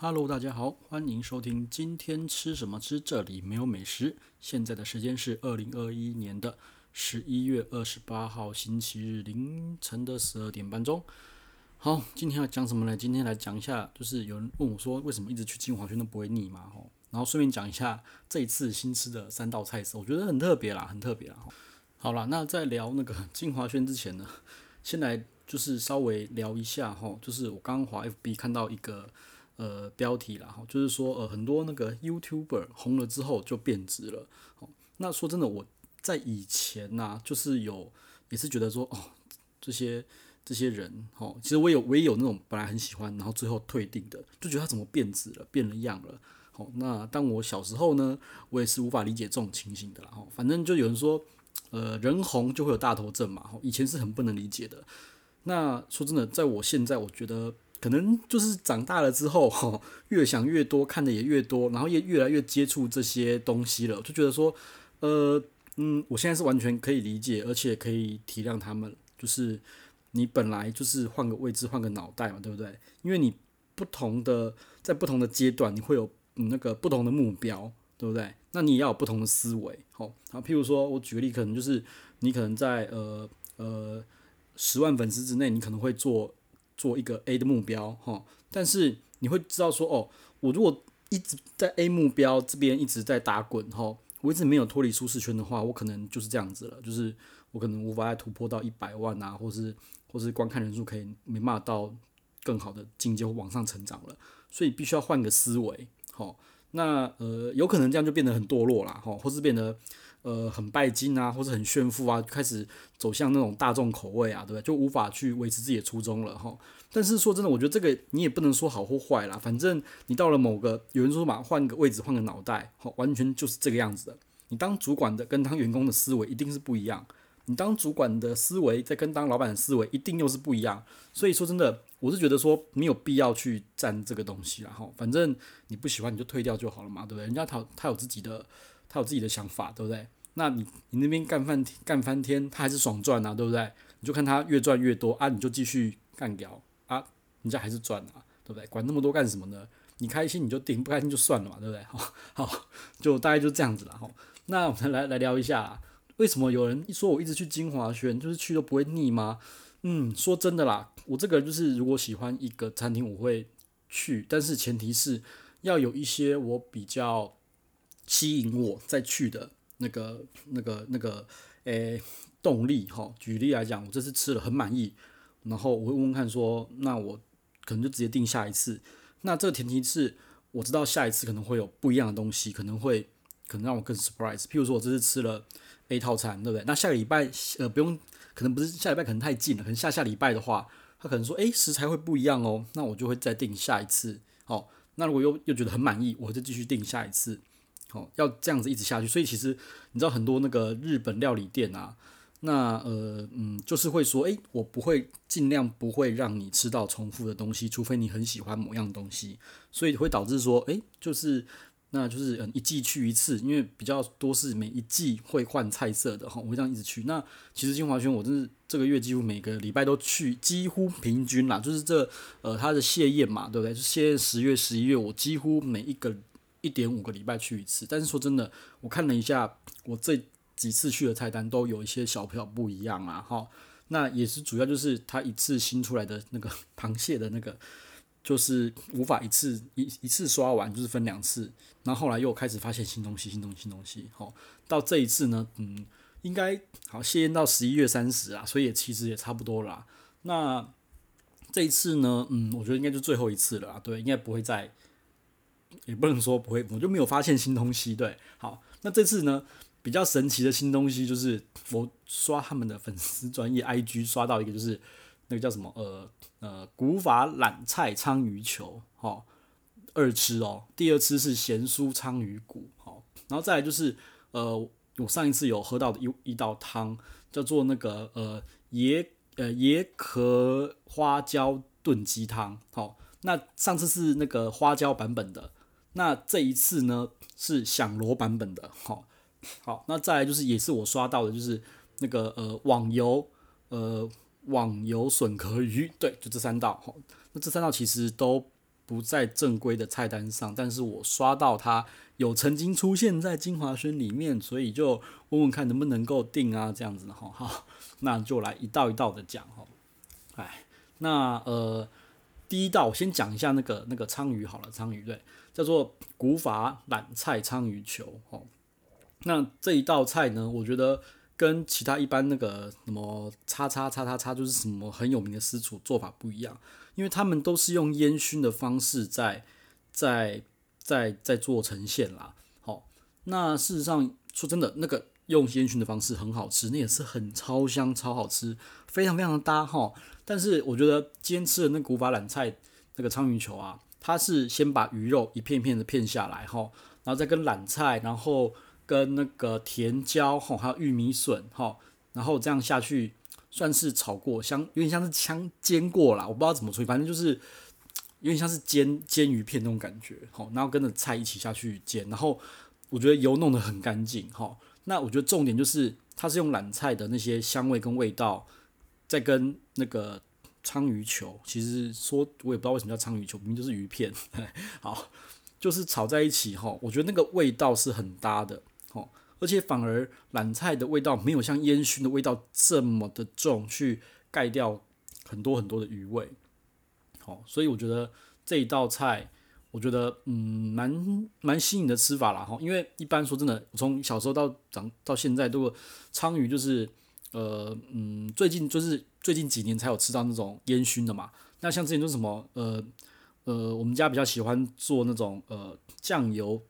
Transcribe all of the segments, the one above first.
Hello，大家好，歡迎收聽今天吃什麼吃這裡沒有美食。現在的時間是二零二一年的十一月二十八號星期日凌晨的十二點半鐘。好，今天要講什麼呢？今天來講一下，就是有人問我說，為什麼一直去晶華軒都不會膩嘛？然後順便講一下這一次新吃的三道菜色，我覺得很特別啦，很特別啦。好了，那在聊那個晶華軒之前呢，先來就是稍微聊一下，哈，就是我剛剛滑 FB 看到一個。呃，標題啦哈，就是說呃，很多那個 YouTuber 紅了之後就變質了。那說真的，我在以前吶、啊，就是有也是覺得說，哦，這些這些人哦，其實我有我也有那種本來很喜歡，然後最後退訂的，就覺得他怎麼變質了，變了樣了。哦，那當我小時候呢，我也是無法理解這種情形的啦。哈，反正就有人說，呃，人紅就會有大頭症嘛。以前是很不能理解的。那說真的，在我現在，我覺得。可能就是長大了之後、哦，哈，越想越多，看得也越多，然後也越，越來越接觸這些東西了，就覺得說，呃，嗯，我現在是完全可以理解，而且可以體諒他們，就是你本來就是換個位置、換個腦袋嘛，對不對？因為你不同的在不同的階段，你會有、嗯、那個不同的目標，對不對？那你也要有不同的思維，好、哦，好，譬如說，我舉個例，可能就是你可能在呃呃十萬粉絲之內，你可能會做。做一個 A 的目標，哈，但是你會知道說，哦，我如果一直在 A 目標這邊一直在打滾，哈，我一直沒有脫離舒適圈的話，我可能就是這樣子了，就是我可能無法再突破到一百萬啊，或是或是觀看人數可以沒達到更好的境界或往上成長了，所以必須要換個思維，哈，那呃，有可能這樣就變得很墮落啦，哈，或是變得。呃，很拜金啊，或是很炫富啊，開始走向那種大眾口味啊，對不對？就無法去維持自己的初衷了吼。但是說真的，我覺得這個你也不能說好或壞啦。反正你到了某個，有人說嘛，換個位置，換個腦袋，好，完全就是這個樣子的。你當主管的跟當員工的思維一定是不一樣，你當主管的思維再跟當老闆的思維一定又是不一樣。所以說真的，我是覺得說沒有必要去佔這個東西了吼。反正你不喜歡你就退掉就好了嘛，對不對？人家他他有自己的，他有自己的想法，對不對？那你你那邊幹翻天幹翻天，他還是爽賺啊，對不對？你就看他越賺越多啊，你就繼續幹掉啊，人家還是賺啊，對不對？管那麼多幹什麼呢？你開心你就頂，不開心就算了嘛，對不對？好，好，就大概就這樣子了哈。那我們來來，來聊一下，為什麼有人一說我一直去晶華軒，就是去都不會膩嗎？嗯，說真的啦，我這個人就是如果喜歡一個餐廳，我會去，但是前提是要有一些我比較吸引我再去的。那個、那個、那個，誒，動力哈。舉例來講，我這次吃了很滿意，然後我會問問看說，那我可能就直接訂下一次。那這個前提是我知道下一次可能會有不一樣的東西，可能會可能讓我更 surprise。譬如說我這次吃了 A 套餐，對不對？那下個禮拜呃不用，可能不是下禮拜，可能太近了。可能下下禮拜的話，他可能說，誒，食材會不一樣哦。那我就會再訂下一次。好，那如果又又覺得很滿意，我就繼續訂下一次。好、哦，要這樣子一直下去，所以其實你知道很多那個日本料理店啊，那呃嗯，就是會說，誒、欸，我不會盡量不會讓你吃到重複的東西，除非你很喜歡某樣東西，所以會導致說，誒、欸，就是那就是嗯、呃、一季去一次，因為比較多是每一季會換菜色的哈、嗯，我會這樣一直去。那其實晶華軒我真是這個月幾乎每個禮拜都去，幾乎平均啦，就是這呃它的蟹宴嘛，對不對？就蟹宴十月十一月，我幾乎每一個。一點五個禮拜去一次，但是說真的，我看了一下，我這幾次去的菜單都有一些小票不一樣啊，哈，那也是主要就是它一次新出來的那個螃蟹的那個，就是無法一次一一次刷完，就是分兩次，然後後來又開始發現新東西，新東西，新東西，好，到這一次呢，嗯，應該好，蟹宴到十一月三十啊，所以也其實也差不多啦。那這一次呢，嗯，我覺得應該就最後一次了啊，對，應該不會再。也不能說不會，我就沒有發現新東西。對，好，那這次呢比較神奇的新東西就是我刷他們的粉絲專業 IG 刷到一個，就是那個叫什麼呃呃古法欖菜鯧魚球，哦，二吃哦，第二次是鹹酥鯧魚骨，哦，然後再來就是呃我上一次有喝到的一一道湯叫做那個呃椰呃椰殼花椒燉雞湯，好、哦，那上次是那個花椒版本的。那這一次呢是響螺版本的，好、哦，好，那再來就是也是我刷到的，就是那個呃網油呃網油筍殼魚，對，就這三道、哦，那這三道其實都不在正規的菜單上，但是我刷到它有曾經出現在晶華軒裡面，所以就問問看能不能夠訂啊這樣子的、哦，好，那就來一道一道的講，哈、哦，唉，那呃。第一道，我先講一下那個那個鯧魚好了，鯧魚對，叫做古法欖菜鯧魚球。哦，那這一道菜呢，我覺得跟其他一般那個什麼叉叉叉叉叉，就是什麼很有名的私廚做法不一樣，因為他們都是用煙燻的方式在在在在，在做呈現啦。好、哦，那事實上說真的，那個。用煙燻的方式很好吃，那也是很超香超好吃，非常非常的搭哈。但是我覺得今天吃的那古法欖菜那個鯧魚球啊，它是先把魚肉一片一片的片下來哈，然後再跟欖菜，然後跟那個甜椒哈，還有玉米筍哈，然後這樣下去算是炒過香，有點像是香煎，煎過啦，我不知道怎麼吹，反正就是有點像是煎煎魚片那種感覺哈。然後跟着菜一起下去煎，然後我覺得油弄得很乾淨哈。那我覺得重點就是，它是用欖菜的那些香味跟味道，在跟那個鯧魚球，其實說我也不知道為什麼叫鯧魚球，明明就是魚片，好，就是炒在一起哈，我覺得那個味道是很搭的哈，而且反而欖菜的味道沒有像煙熏的味道這麼的重，去蓋掉很多很多的魚味，好，所以我覺得這一道菜。我覺得嗯，蠻蠻新穎的吃法啦。齁，因為一般說真的，從小時候到長到現在，都有鯧魚就是呃嗯，最近就是最近幾年才有吃到那種煙燻的嘛。那像之前說什麼呃呃，我們家比較喜歡做那種呃醬油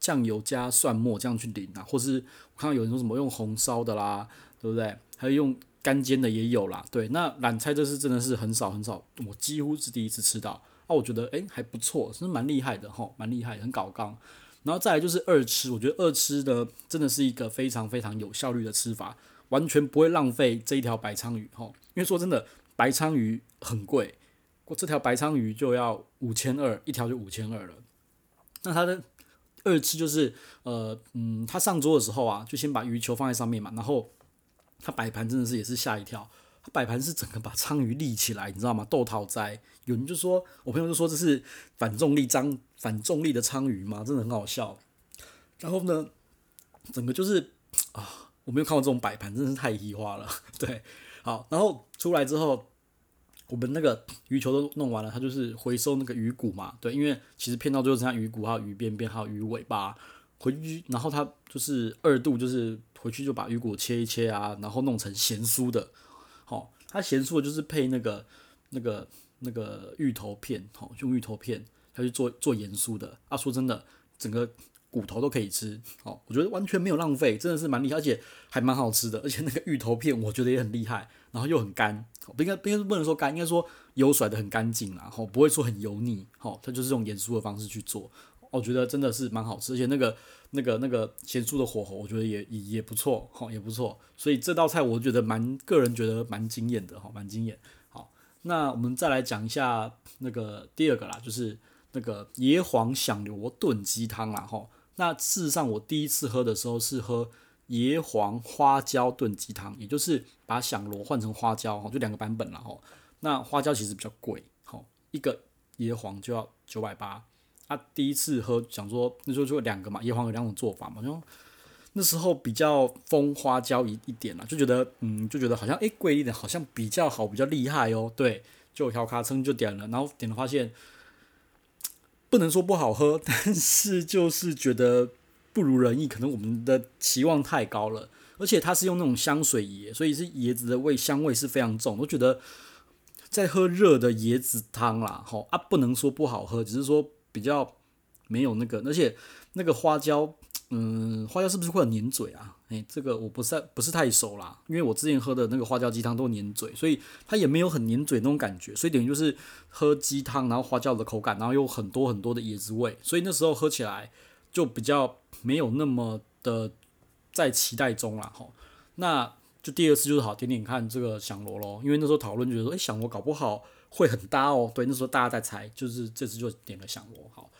醬油加蒜末這樣去淋啊，或是我看到有人說什麼用紅燒的啦，對不對？還有用乾煎的也有啦，對。那欖菜這是真的是很少很少，我幾乎是第一次吃到。那、啊、我覺得哎還不錯，真是蠻厲害的吼，蠻厲害，很搞剛。然後再來就是二吃，我覺得二吃的真的是一個非常非常有效率的吃法，完全不會浪費這一條白鯧魚吼，因為說真的，白鯧魚很貴，我這條白鯧魚就要五千二，一條就五千二了。那它的二吃就是呃嗯，他上桌的時候啊，就先把魚球放在上面嘛，然後他擺盤真的是也是嚇一跳。擺盤是整個把鯧魚立起來，你知道嗎？豆桃齋有人就說，我朋友就說這是反重力張，反重力的鯧魚嘛，真的很好笑。然後呢，整個就是啊，我沒有看過這種擺盤，真的是太異化了。對，好，然後出來之後，我們那個魚球都弄完了，它就是回收那個魚骨嘛。對，因為其實片到最後剩下魚骨還有魚邊邊還有魚尾巴回去，然後它就是二度就是回去就把魚骨切一切啊，然後弄成鹹酥的。好、哦，它鹹酥的就是配那個、那個、那個芋頭片，好、哦，用芋頭片它去做做鹽酥的啊。說真的，整個骨頭都可以吃，哦，我覺得完全沒有浪費，真的是蠻厲害，而且還蠻好吃的。而且那個芋頭片我覺得也很厲害，然後又很乾，不應該不應該不能說乾，應該說油甩的很乾淨啦，好、哦，不會說很油膩，哦，它就是用鹽酥的方式去做，我覺得真的是蠻好吃，而且那個。那個那個鹹酥的火候，我覺得也也也不錯哈，也不錯。所以這道菜我覺得蠻個人覺得蠻驚豔的哈，蠻驚豔。好，那我們再來講一下那個第二個啦，就是那個椰皇響螺燉雞湯啦哈。那事實上我第一次喝的時候是喝椰皇花膠燉雞湯，也就是把響螺換成花膠哈，就兩個版本了哈。那花膠其實比較貴哈，一個椰皇就要九百八。他、啊、第一次喝，想說那時候就有兩個嘛，椰皇有兩種做法嘛，就那時候比較風花椒一一點了，就覺得嗯，就覺得好像哎貴一點，好像比較好，比較厲害哦。對，就小卡蹭就點了，然後點了發現不能說不好喝，但是就是覺得不如人意，可能我們的期望太高了，而且它是用那種香水椰，所以是椰子的味香味是非常重，我覺得在喝熱的椰子湯啦，吼啊不能說不好喝，只是說。比較沒有那個，而且那個花膠，嗯，花膠是不是會很黏嘴啊？誒、欸，這個我不是不是太熟啦，因為我之前喝的那個花膠雞湯都黏嘴，所以它也沒有很黏嘴那種感覺，所以等於就是喝雞湯，然後花椒的口感，然後又很多很多的椰子味，所以那時候喝起來就比較沒有那麼的在期待中啦。吼，那就第二次就是好點點看這個響螺咯，因為那時候討論覺得說，哎，響螺搞不好會很搭哦、喔。對，那時候大家在猜，就是這次就點了響螺。好，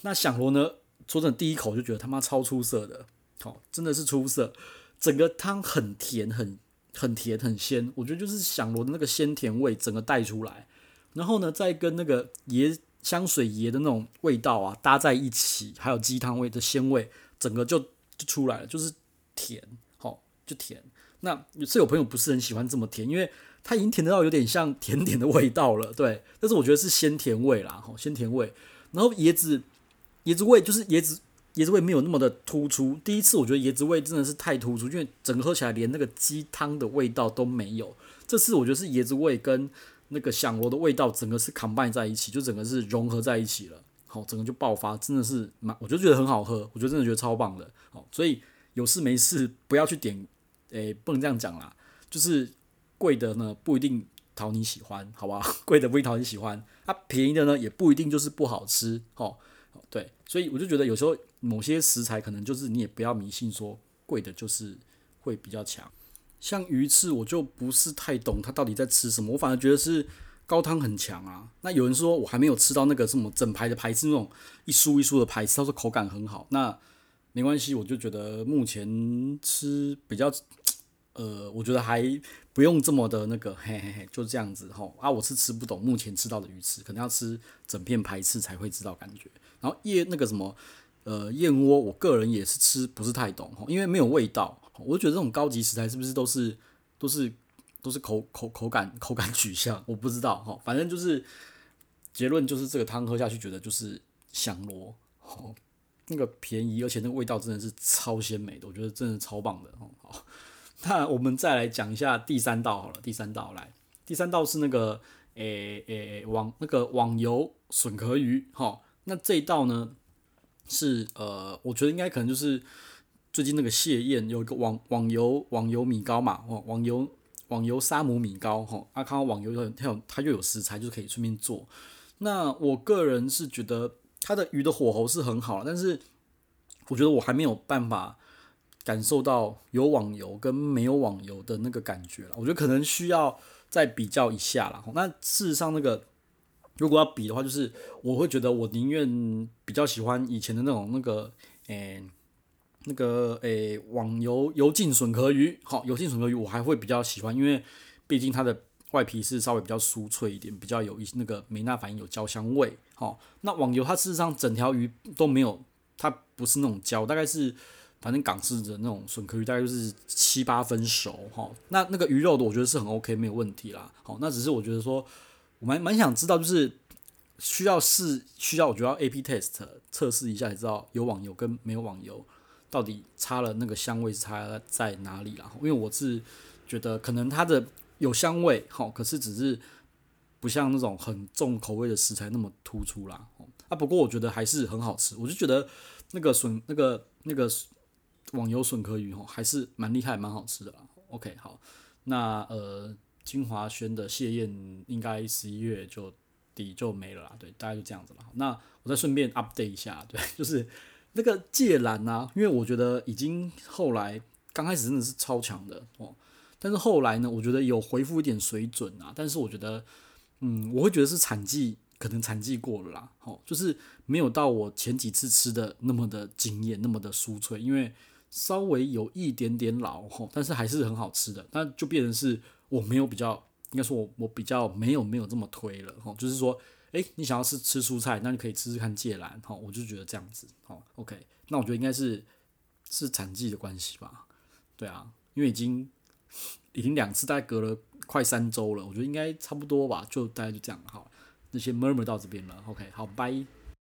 那響螺呢，說真的，第一口就覺得他媽超出色的，好，真的是出色。整個湯很甜，很很甜，很鮮。我覺得就是響螺的那個鮮甜味，整個帶出來。然後呢，再跟那個椰香水椰的那種味道啊搭在一起，還有雞湯味的鮮味，整個就就出來了，就是甜，好，就甜。那是有朋友不是很喜歡這麼甜，因為它已經甜得到有點像甜點的味道了，對。但是我覺得是鮮甜味啦，吼，鮮甜味。然後椰子椰子味就是椰子椰子味沒有那麼的突出。第一次我覺得椰子味真的是太突出，因為整個喝起來連那個雞湯的味道都沒有。這次我覺得是椰子味跟那個響螺的味道整個是 combine 在一起，就整個是融合在一起了，好，整個就爆發，真的是蠻，我就覺得很好喝，我覺得真的覺得超棒的，好，所以有事沒事不要去點。誒、欸，不能這樣講啦，就是貴的呢不一定討你喜歡，好吧？貴 的不一定討你喜歡，它、啊、便宜的呢也不一定就是不好吃，吼、哦，對，所以我就覺得有時候某些食材可能就是你也不要迷信說貴的就是會比較強。像魚翅，我就不是太懂它到底在吃什麼，我反而覺得是高湯很強啊。那有人說我還沒有吃到那個什麼整排的排翅，那種一梳一梳的排翅，他說口感很好，那沒關係，我就覺得目前吃比較。呃，我覺得還不用這麼的那個，嘿嘿嘿，就這樣子吼啊！我是吃不懂，目前吃到的魚翅，可能要吃整片排翅才會知道感覺。然後燕那個什麼，呃，燕窩，我個人也是吃不是太懂哈，因為沒有味道。我就覺得這種高級食材是不是都是都是都是口口口感口感取向？我不知道哈，反正就是結論就是這個湯喝下去覺得就是響螺吼、哦，那個便宜，而且那個味道真的是超鮮美的，我覺得真的超棒的哦，那我們再來講一下第三道好了，第三道來，第三道是那個誒誒、欸欸、網那個網油筍殼魚哈，那這一道呢是呃，我覺得應該可能就是最近那個蟹宴有一個網網油網油米糕嘛，網油網油網油沙姆米糕哈，啊看到，啊、網油他有他又有食材，就是可以順便做。那我個人是覺得它的魚的火候是很好，但是我覺得我還沒有辦法。感受到有網遊跟沒有網遊的那個感覺了，我覺得可能需要再比較一下了。那事實上，那個如果要比的話，就是我會覺得我寧願比較喜歡以前的那種那個誒、欸，那個誒、欸，網遊油浸筍殼魚，好，油浸筍殼魚我還會比較喜歡，因為畢竟它的外皮是稍微比較酥脆一點，比較有一那個梅納反應有焦香味。好，那網遊它事實上整條魚都沒有，它不是那種焦，大概是。反正港式的那種筍殼魚大概就是七八分熟哈，那那個魚肉的我覺得是很 OK 沒有問題啦。好，那只是我覺得說，我蠻蠻想知道，就是需要試需要我覺得 AP test 測試一下，才知道有網油跟沒有網油到底差了那個香味差在哪裡啦。因為我是覺得可能它的有香味哈，可是只是不像那種很重口味的食材那麼突出啦。哦，啊，不過我覺得還是很好吃，我就覺得那個筍那個那個。網友筍殼魚哦，還是蠻厲害，蠻好吃的啦。OK，好，那呃晶華軒的蟹宴應該十一月就底就沒了啦。對，大概就這樣子了。那我再順便 update 一下，對，就是那個芥藍啊，因為我覺得已經後來剛開始真的是超強的哦，但是後來呢，我覺得有恢復一點水準啊，但是我覺得，嗯，我會覺得是產季可能產季過了啦，哦，就是沒有到我前幾次吃的那麼的驚豔、那麼的酥脆，因為。稍微有一點點老吼，但是還是很好吃的。那就變成是，我沒有比較，應該說我我比較沒有沒有這麼推了吼。就是說，誒、欸，你想要是吃蔬菜，那你可以吃吃看芥藍，我就覺得這樣子吼。OK，那我覺得應該是是產季的關係吧。對啊，因為已經已經兩次，大概隔了快三周了，我覺得應該差不多吧。就大概就這樣，好，那些 murmur 到這邊了。OK，好，拜。